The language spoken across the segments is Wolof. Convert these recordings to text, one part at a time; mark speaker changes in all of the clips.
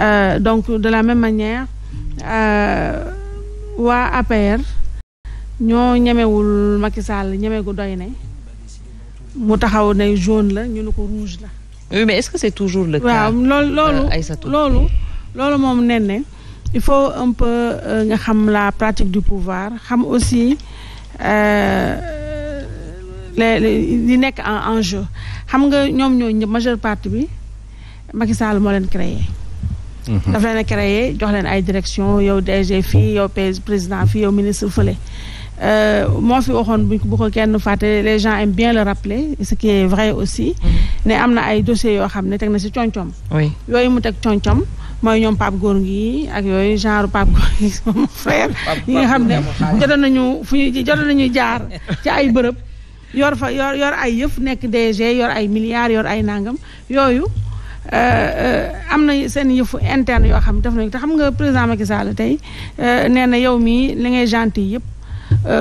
Speaker 1: Euh, donc de la même manière euh, waa APR ñoo ñemewul Macky Sall ñeme gu doy ne mu taxaw ne jaune la ñu ne ko rouge la. oui mais est-ce toujours le cas. waaw loolu euh, loolu loolu moom nen il faut un peu euh, nga xam la pratique du pouvoir xam aussi les li nekk en enjeu xam nga ñoom ñoo ñëpp majeure partie bi Macky Sall moo leen créer daf leen a créé jox leen ay direction yow DG fii yow président fii yow ministre fële euh, moo fi waxoon buñ bu ko kenn fàtte les gens aiment bien le rappeler ce qui est vrai aussi mm-hmm. ne am na ay dossiers yoo xam ne teg na si concom yooyu mu teg concom mooy ñoom Pape Góor ngi ak yooyu genre Pape Góor ngi sama yi nga xam ne jotoon nañu fu ñu jotoon jaar ci ay bërëb yor fa yor yor ay yëf nekk DG yor ay milliards yor ay nangam yooyu Euh, euh, am na seen yëfu interne yoo xam def nañu te xam nga président Macky Sall tey euh, nee na yow mii li ngay gentil yëpp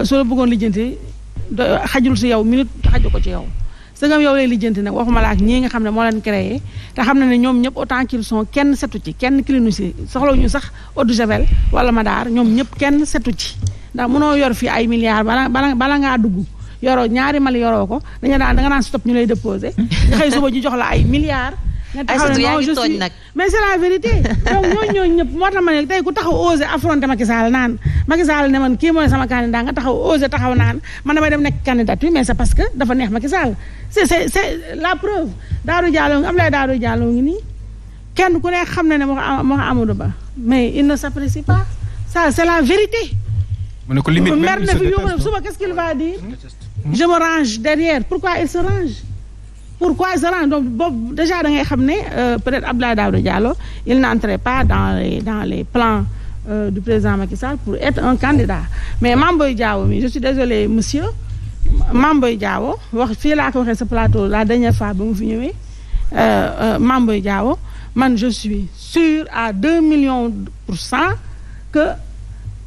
Speaker 1: soo la bëggoon lijjanti xajul si yow minute xaju ko ci yow. sëngam yow lay lijjanti nag waxuma ak ñii nga xam ne moo leen créé te xam na ne ñoom ñëpp autant qu'ils sont kenn setu ci kenn kilinu si ñu sax eau de javel wala madaar ñoom ñëpp kenn setu ci ndax mënoo yor fii ay milliards bala bala bala ngaa dugg. yoro ñaari mali yoroo ko dañu daan da nga ñu lay déposé xëy suba ji jox la ay milliards Aïssatou yaa ngi tooñ nag mais c'est la vérité donc ñooñu ñooñu moo tax ma ne tey ku taxaw osé affronté Macky Sall naan Macky Sall ne man kii mooy sama candidat nga taxaw osé taxaw naan man damay dem nekk candidat bi mais c'est parce que dafa neex Macky Sall c'est c'est c'est la preuve Daaro Diallo ngi am lay Daaro Diallo ngi nii kenn ku ne xam na ne moo ko moo ko Ba mais il ne s'apprécie pas c'est la vérité mu ne ko limite mer na fi yow suba qu'est-ce qu'il va dire je me range derrière pourquoi il se range pourquoi Zara donc boobu déjà da ngay xam ne euh, peut-être Abdoulaye Daouda Diallo il n'entrait pas dans les dans les plans euh, du président Macky pour être un candidat mais Mame Boye Diao mi je suis désolé monsieur Mame Boye Diao wax fii laa ko waxee sa plateau la dernière fois ba mu fi ñëwee euh, Mame Boye Diao man je suis sûr à deux millions pour cent que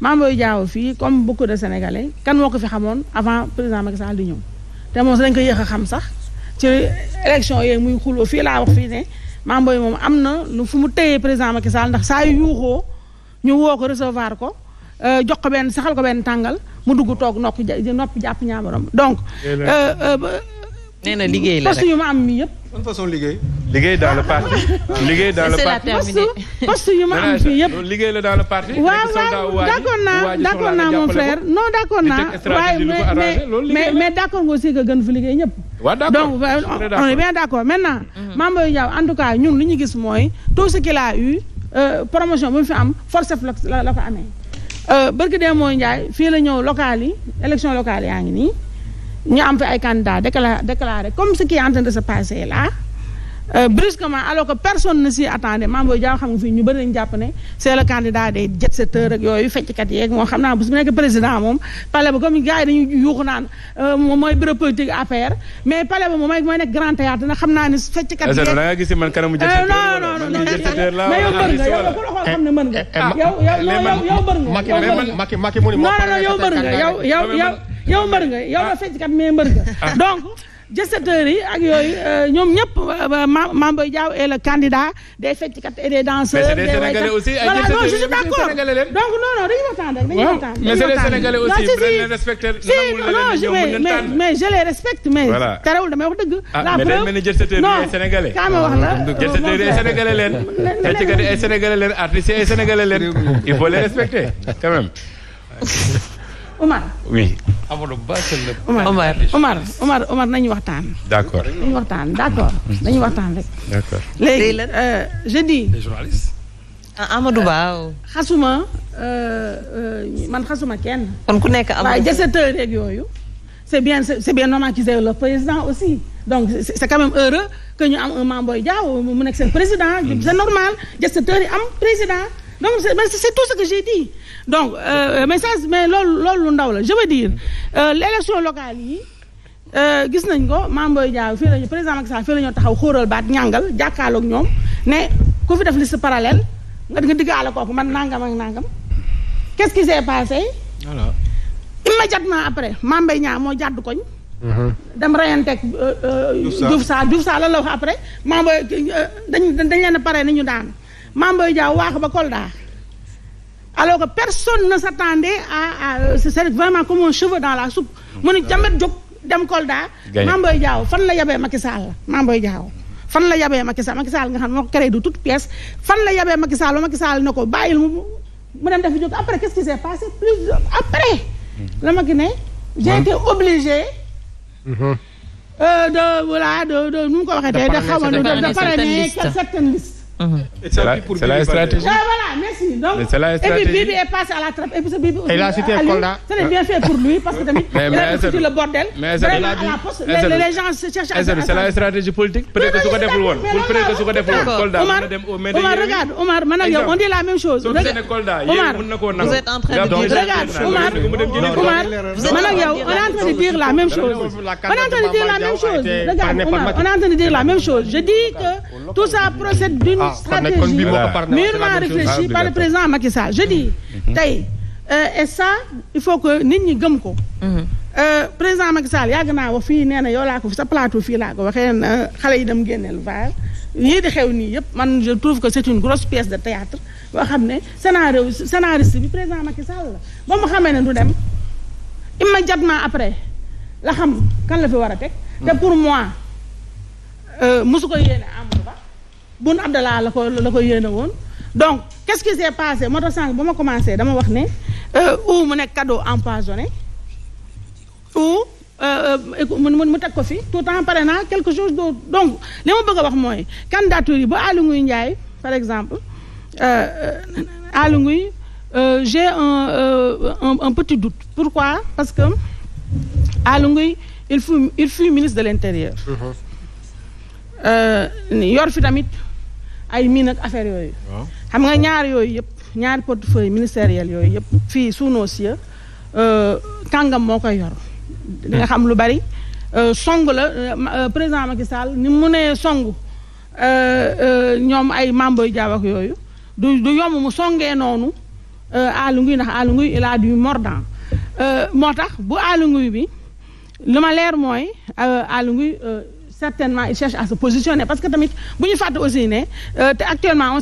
Speaker 1: Mame Boye Diao fii comme beaucoup de sénégalais kan moo ko fi xamoon avant président Macky Sall di ñëw te moom si dañ ko yéex a xam sax ci élection yooyu muy xuloo fii laa wax fii ne Mame Boye moom am na lu fu mu teyee président Macky Sall ndax saa yu yuuxoo ñu woo ko recevoir ko euh, jox ko benn saxal ko benn tàngal mu dugg toog nokk nopp jàpp ñaamaram donc. Euh, euh, nee na liggéey la rek poste yu ma am mi yëpp. ban façon liggéey. liggéey dans le parti. liggéey dans le parti liggéey la dans le parti. waaw waaw d'accord naa d'accord naa mon frère non d'accord naa. waaye mais d'accord nga aussi que gën fi liggéey ñëpp. donc on est bien d'accord maintenant. Mm-hmm. Mame Boye Diao en tout cas ñun li ñu gis mooy tout ce qu'il a eu euh, promotion bu mu fi am force la la ko amee. Euh, barke Demba Ndiaye fii la ñëw locales yi élection locale yaa ngi nii. ñu am fi ay candidats décla comme ce qui est en passer là brusquement alors que personne ne s'y attendait maam booy jaaw xam nga fii ñu bëri nañu jàpp ne c'est le candidat des jet-setteurs ak yooyu fecckat yeeg moo xam naa bu su nekk président moom palais ba comme gars yi dañuy naan mooy bureau politique APR mais palais ba moom mooy nekk grand théâtre nag xam naa ne fecckat yeeg da nga gis man kanamu jet-setteur non mais yow mën nga yow ku yow mbër nga yow la fecc kat mais mbër ah. donc jëstateurs yi ak yooyu euh, ñoom ñëpp euh, euh, Mame Boye Diao est le candidat des fecckat et des danseurs. mais c'est des aussi ay jëstateurs yi ñu donc non non dañu waxtaan rek dañu waxtaan mais c'est des sénégalais aussi leen respecté non mais je les respecte mais. voilà terewul damay wax dëgg. Ah, la preuve mais dañu mel ni jëstateurs yi ay sénégalais. non kaama wax la il faut les respecter quand Omar. oui. Amadou Ba Omar Omar Omar Omar nañu waxtaan. d' accord nañu waxtaan d' accord nañu waxtaan rek. d' accord léegi euh, je dis. a journalistes. Ah, Amadou Ba. xasuma euh, euh, man xasuma kenn. kon ku nekk Amadou waaye jësëtër yeeg yooyu. c' est bien c' est bien normal qu'ils aient le président aussi donc c' est quand même heureux que ñu am un membre Diaw mu nekk seen président. Mm. c' est normal jësëtër yi am président. donc c'est c'est tout ce que j'ai dit donc euh, euh, message mais loolu loolu lu ndaw la je veux dire euh, l'élection locale yi gis nañ ko Mame Boye Diao fii la ñu président Macky Sall fii la ñu taxaw xóoral baat ñàngal jàkkaalook ñoom ne ku fi def liste parallèle nga nga diggaale kooku man nangam ak nangam qu'est-ce qui s'est passé. alors immédiatement après Mame Boye Niang moo jàdd koñ. dem reyanteeg. Diouf Sarr Diouf Sarr lan la wax après Mame Boye dañ dañ leen pare ni ñu daan. Mame Boye Diao waax ba Kolda alors que personne sa s'attendait à à c'est vraiment comme un cheveu dans la soupe. mu ne jàmbet jóg dem Kolda. Mame Boye fan la yabee Macky Sall la Mame Boye Diao. fan la yabee Macky Sall Macky Sall nga xam ne moo ko créé de toute pièce fan la yabee Macky Sall Macky Sall ne ko bàyyil mu mu dem dafa jóg après qu'est-ce qui s'est passé plus après. la ma gi ne. j'ai été obligé. Mm-hmm. Euh, de voilà nu mu ko waxee tey. de xaw ma de parrainer certaines listes C'est la, la stratégie. merci donc et puis bii bi est passé à la trappe et puis sa bii bi. il a cité Kolda c'est bien fait pour lui parce que tamit. mais mais est le bordel. mais est vraiment à la poste les gens se cherchent à. c'est la stratégie politique. peut-être que su ko deful woon peut-être que su ko deful woon Kolda mën na dem au maire Omar regarde Omar man ak yow on dit la même chose. Omar vous êtes en train de dire regarde Omar Omar man ak yow on est en train de dire la même chose. on est en train de dire la même chose regarde Omar on est en train de dire la même chose je dis que tout ça procède d'une ah, stratégie mûrement réfléchie. réfléchi par président Macky Sall je dis mm-hmm. mm-hmm. euh, et ça il faut que nit ñi gëm ko mm-hmm. euh, président Macky Sall yàgg naa wax fii nee na yow laa ko fi sa plateau fii laa ko waxee xale yi dem génneel vaar yii di xew nii yëpp man je trouve que c'est une grosse pièce de théâtre boo xam ne scénario scénariste bi président Macky Sall la ba mu xamee ne du dem immédiatement après la xam kan la fi war a teg mm. te pour moi euh, mosu ko yéene Amadou Ba la ko la ko yéene woon donc qu'est-ce qui s'est passé moo tax sànq ba ma commencé dama wax ne euh, ou mu nekk cadeau empoisonné ou euh, euh, mu teg ko fi tout temps pare na quelque chose d'autre donc li ma bëgg a wax mooy candidature yi ba Aly Ngouille Ndiaye par exemple Aly Ngouille j'ai un un petit doute pourquoi parce que Aly Ngouille il fut il fut ministre de l'intérieur mm-hmm. yor fi tamit ay mine affaire yooyu. xam nga ñaar yooyu yëpp ñaari portefeuille ministériel yooyu yëpp fii sous nos yeux euh, moo koy yor. di xam lu bari euh, song la euh, président Macky Sall ni mu nee song ñoom ay membres yu jaaw yooyu du du yomb mu songee noonu Aly Ngouille ndax Aly Ngouille il a du moo tax bu Aly Ngouille bi li ma leer mooy Aly certainement il cherche à se positionner parce que tamit bu ñu fàtte aussi ne euh, te actuellement on